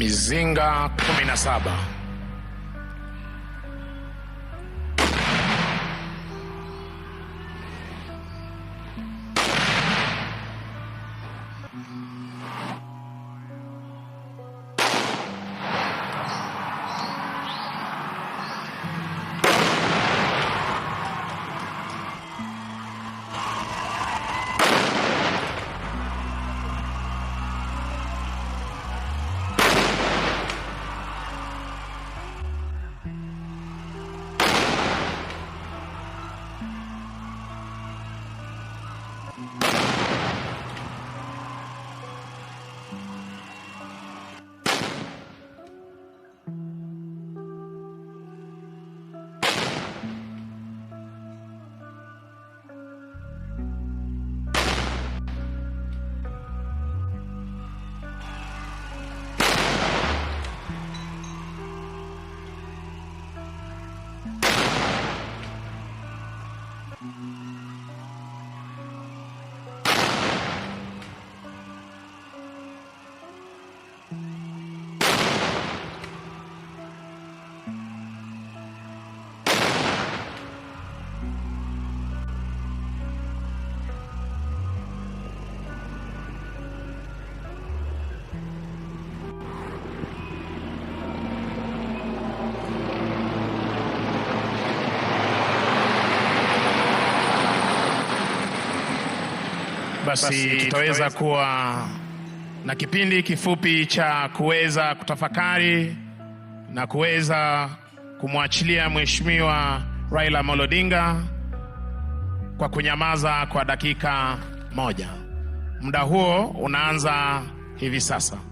mizinga 17. Mm-hmm. basi tutaweza kuwa na kipindi kifupi cha kuweza kutafakari na kuweza kumwachilia Mheshimiwa Raila molodinga kwa kunyamaza kwa dakika moja. Muda huo unaanza hivi sasa.